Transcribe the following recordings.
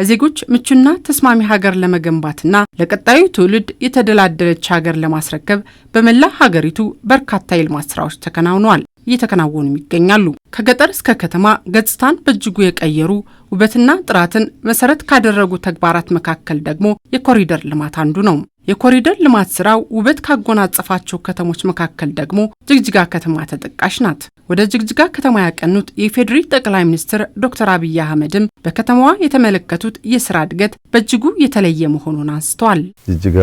ለዜጎች ምቹና ተስማሚ ሀገር ለመገንባትና ለቀጣዩ ትውልድ የተደላደለች ሀገር ለማስረከብ በመላ ሀገሪቱ በርካታ የልማት ስራዎች ተከናውነዋል፣ እየተከናወኑም ይገኛሉ። ከገጠር እስከ ከተማ ገጽታን በእጅጉ የቀየሩ ውበትና ጥራትን መሰረት ካደረጉ ተግባራት መካከል ደግሞ የኮሪደር ልማት አንዱ ነው። የኮሪደር ልማት ስራው ውበት ካጎናጸፋቸው ከተሞች መካከል ደግሞ ጅግጅጋ ከተማ ተጠቃሽ ናት። ወደ ጅግጅጋ ከተማ ያቀኑት የኢፌዴሪ ጠቅላይ ሚኒስትር ዶክተር አብይ አህመድም በከተማዋ የተመለከቱት የስራ እድገት በእጅጉ የተለየ መሆኑን አንስተዋል። ጅግጅጋ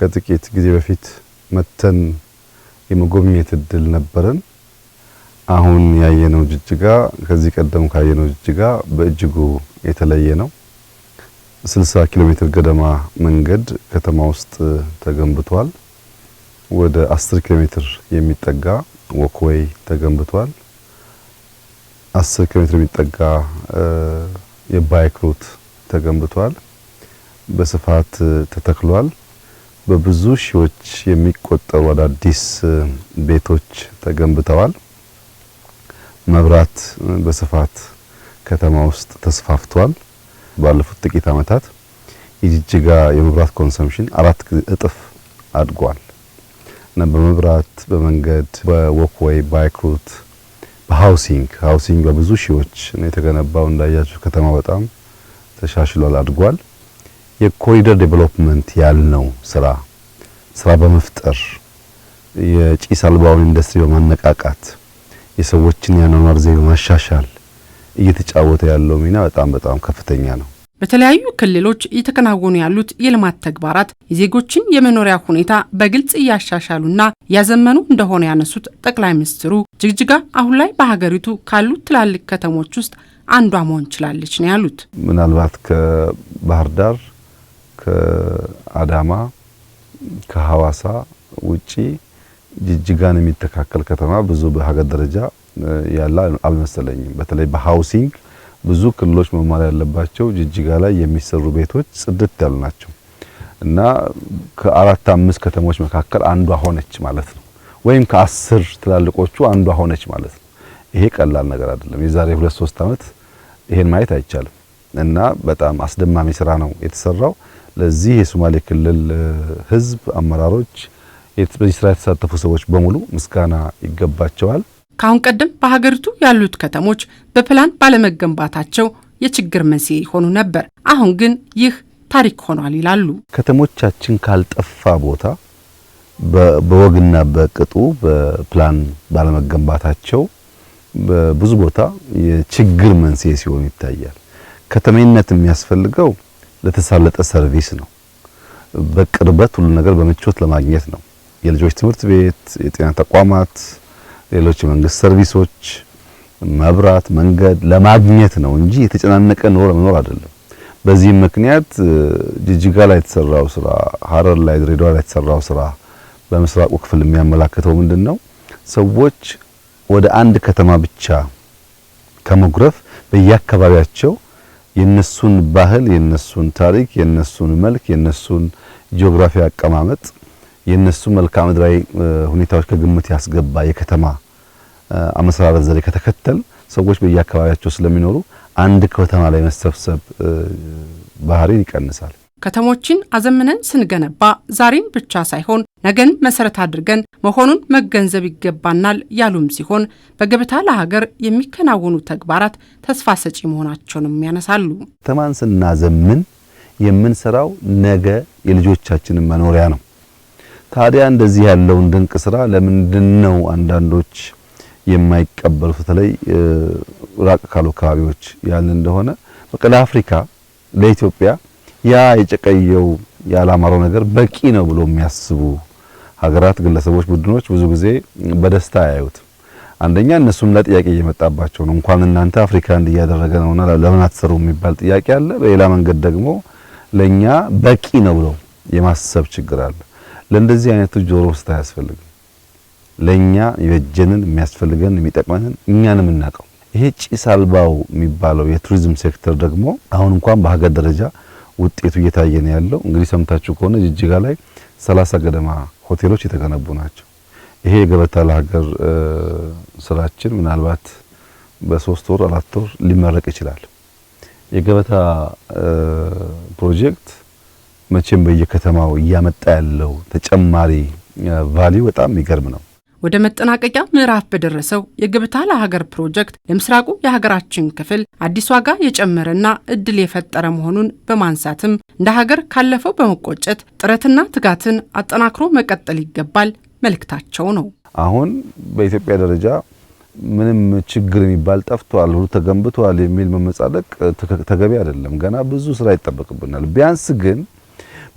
ከጥቂት ጊዜ በፊት መተን የመጎብኘት እድል ነበረን። አሁን ያየነው ጅግጅጋ ከዚህ ቀደም ካየነው ጅግጅጋ በእጅጉ የተለየ ነው። 60 ኪሎ ሜትር ገደማ መንገድ ከተማ ውስጥ ተገንብቷል። ወደ 10 ኪሎ ሜትር የሚጠጋ ወክዌይ ተገንብቷል። 10 ኪሎ ሜትር የሚጠጋ የባይክ ሩት ተገንብቷል። በስፋት ተተክሏል። በብዙ ሺዎች የሚቆጠሩ አዳዲስ ቤቶች ተገንብተዋል። መብራት በስፋት ከተማ ውስጥ ተስፋፍቷል። ባለፉት ጥቂት ዓመታት የጅጅጋ የመብራት ኮንሰምሽን አራት እጥፍ አድጓል እና በመብራት በመንገድ በወክዌይ ባይክሩት በሃውሲንግ ሃውሲንግ በብዙ ሺዎች ነው የተገነባው። እንዳያችሁ ከተማ በጣም ተሻሽሏል፣ አድጓል። የኮሪደር ዴቨሎፕመንት ያልነው ስራ ስራ በመፍጠር የጭስ አልባውን ኢንዱስትሪ በማነቃቃት የሰዎችን የአኗኗር ዘይቤ በማሻሻል እየተጫወተ ያለው ሚና በጣም በጣም ከፍተኛ ነው። በተለያዩ ክልሎች እየተከናወኑ ያሉት የልማት ተግባራት የዜጎችን የመኖሪያ ሁኔታ በግልጽ እያሻሻሉና እያዘመኑ እንደሆነ ያነሱት ጠቅላይ ሚኒስትሩ ጅግጅጋ አሁን ላይ በሀገሪቱ ካሉ ትላልቅ ከተሞች ውስጥ አንዷ መሆን ችላለች ነው ያሉት። ምናልባት ከባህር ዳር፣ ከአዳማ፣ ከሀዋሳ ውጪ ጅጅጋን የሚተካከል ከተማ ብዙ በሀገር ደረጃ ያለ አልመሰለኝም። በተለይ በሃውሲንግ ብዙ ክልሎች መማር ያለባቸው ጅጅጋ ላይ የሚሰሩ ቤቶች ጽድት ያሉ ናቸው እና ከአራት አምስት ከተሞች መካከል አንዷ ሆነች ማለት ነው፣ ወይም ከአስር ትላልቆቹ አንዷ ሆነች ማለት ነው። ይሄ ቀላል ነገር አይደለም። የዛሬ ሁለት ሶስት ዓመት ይሄን ማየት አይቻልም እና በጣም አስደማሚ ስራ ነው የተሰራው። ለዚህ የሶማሌ ክልል ህዝብ፣ አመራሮች፣ በዚህ ስራ የተሳተፉ ሰዎች በሙሉ ምስጋና ይገባቸዋል። ከአሁን ቀደም በሀገሪቱ ያሉት ከተሞች በፕላን ባለመገንባታቸው የችግር መንስኤ ይሆኑ ነበር። አሁን ግን ይህ ታሪክ ሆኗል ይላሉ። ከተሞቻችን ካልጠፋ ቦታ በወግና በቅጡ በፕላን ባለመገንባታቸው በብዙ ቦታ የችግር መንስኤ ሲሆን ይታያል። ከተሜነት የሚያስፈልገው ለተሳለጠ ሰርቪስ ነው። በቅርበት ሁሉ ነገር በምቾት ለማግኘት ነው። የልጆች ትምህርት ቤት፣ የጤና ተቋማት ሌሎች የመንግስት ሰርቪሶች፣ መብራት፣ መንገድ ለማግኘት ነው እንጂ የተጨናነቀ ኖር መኖር አይደለም። በዚህም ምክንያት ጅጅጋ ላይ የተሰራው ስራ፣ ሀረር ላይ፣ ድሬዳዋ ላይ የተሰራው ስራ በምስራቁ ክፍል የሚያመላክተው ምንድን ነው? ሰዎች ወደ አንድ ከተማ ብቻ ከመጉረፍ በየአካባቢያቸው የነሱን ባህል፣ የነሱን ታሪክ፣ የነሱን መልክ፣ የነሱን ጂኦግራፊ አቀማመጥ የነሱ መልክዓ ምድራዊ ሁኔታዎች ከግምት ያስገባ የከተማ አመሰራረት ዘዴ ከተከተል ሰዎች በየአካባቢያቸው ስለሚኖሩ አንድ ከተማ ላይ መሰብሰብ ባህሪን ይቀንሳል። ከተሞችን አዘምነን ስንገነባ ዛሬን ብቻ ሳይሆን ነገን መሰረት አድርገን መሆኑን መገንዘብ ይገባናል ያሉም ሲሆን በገበታ ለሀገር የሚከናወኑ ተግባራት ተስፋ ሰጪ መሆናቸውንም ያነሳሉ። ከተማን ስናዘምን የምንሰራው ነገ የልጆቻችንን መኖሪያ ነው። ታዲያ እንደዚህ ያለውን ድንቅ ስራ ለምንድን አንዳንዶች የማይቀበሉ በተለይ ራቅ ካሉ አካባቢዎች ያለ እንደሆነ በቃ ለአፍሪካ ለኢትዮጵያ ያ የጨቀየው ያላማረው ነገር በቂ ነው ብሎ የሚያስቡ ሀገራት፣ ግለሰቦች፣ ቡድኖች ብዙ ጊዜ በደስታ አያዩትም። አንደኛ እነሱም ለጥያቄ እየመጣባቸው ነው። እንኳን እናንተ አፍሪካ እንዲ እያደረገ ነውና ለምን አትሰሩ የሚባል ጥያቄ አለ። በሌላ መንገድ ደግሞ ለኛ በቂ ነው ብሎ የማሰብ ችግር አለ። ለእንደዚህ አይነቱ ጆሮ ውስጥ አያስፈልግም። ለኛ ይበጀንን የሚያስፈልገን የሚጠቅመንን እኛን የምናውቀው ይሄ ጭስ አልባው የሚባለው የቱሪዝም ሴክተር ደግሞ አሁን እንኳን በሀገር ደረጃ ውጤቱ እየታየ ነው ያለው። እንግዲህ ሰምታችሁ ከሆነ ጅጅጋ ላይ ሰላሳ ገደማ ሆቴሎች የተገነቡ ናቸው። ይሄ የገበታ ለሀገር ስራችን ምናልባት በሶስት ወር አራት ወር ሊመረቅ ይችላል። የገበታ ፕሮጀክት መቼም በየከተማው እያመጣ ያለው ተጨማሪ ቫሊዩ በጣም የሚገርም ነው። ወደ መጠናቀቂያ ምዕራፍ በደረሰው የግብታ ለሀገር ፕሮጀክት ለምስራቁ የሀገራችን ክፍል አዲስ ዋጋ የጨመረና እድል የፈጠረ መሆኑን በማንሳትም እንደ ሀገር ካለፈው በመቆጨት ጥረትና ትጋትን አጠናክሮ መቀጠል ይገባል መልእክታቸው ነው። አሁን በኢትዮጵያ ደረጃ ምንም ችግር የሚባል ጠፍቷል፣ ሁሉ ተገንብቷል የሚል መመጻደቅ ተገቢ አይደለም። ገና ብዙ ስራ ይጠበቅብናል። ቢያንስ ግን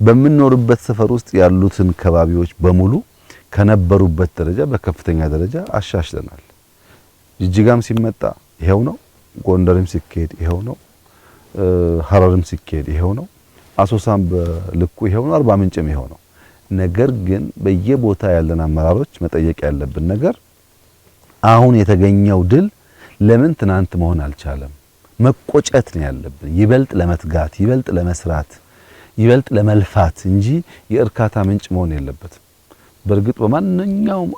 በምንኖርበት ሰፈር ውስጥ ያሉትን ከባቢዎች በሙሉ ከነበሩበት ደረጃ በከፍተኛ ደረጃ አሻሽለናል። ጅጅጋም ሲመጣ ይሄው ነው፣ ጎንደርም ሲካሄድ ይሄው ነው፣ ሀረርም ሲካሄድ ይሄው ነው፣ አሶሳም በልኩ ይሄው ነው፣ አርባ ምንጭም ይሄው ነው። ነገር ግን በየቦታ ያለን አመራሮች መጠየቅ ያለብን ነገር አሁን የተገኘው ድል ለምን ትናንት መሆን አልቻለም? መቆጨት ነው ያለብን፣ ይበልጥ ለመትጋት ይበልጥ ለመስራት ይበልጥ ለመልፋት እንጂ የእርካታ ምንጭ መሆን የለበትም። በእርግጥ በማንኛውም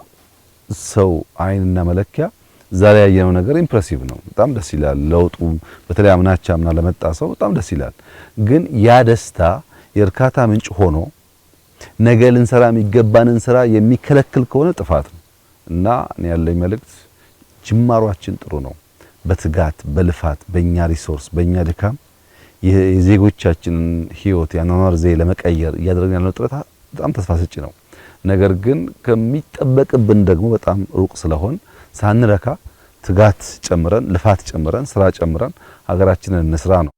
ሰው አይንና መለኪያ ዛሬ ያየነው ነገር ኢምፕሬሲቭ ነው። በጣም ደስ ይላል። ለውጡ በተለይ አምናቻ አምና ለመጣ ሰው በጣም ደስ ይላል። ግን ያ ደስታ የእርካታ ምንጭ ሆኖ ነገ ልንሰራ የሚገባንን ስራ የሚከለክል ከሆነ ጥፋት ነው እና እኔ ያለኝ መልእክት ጅማሯችን ጥሩ ነው። በትጋት በልፋት በእኛ ሪሶርስ በእኛ ድካም የዜጎቻችንን ህይወት ያኗኗር ዘዬ ለመቀየር እያደረግን ያለው ጥረት በጣም ተስፋ ሰጪ ነው። ነገር ግን ከሚጠበቅብን ደግሞ በጣም ሩቅ ስለሆን ሳንረካ ትጋት ጨምረን ልፋት ጨምረን ስራ ጨምረን ሀገራችንን እንስራ ነው።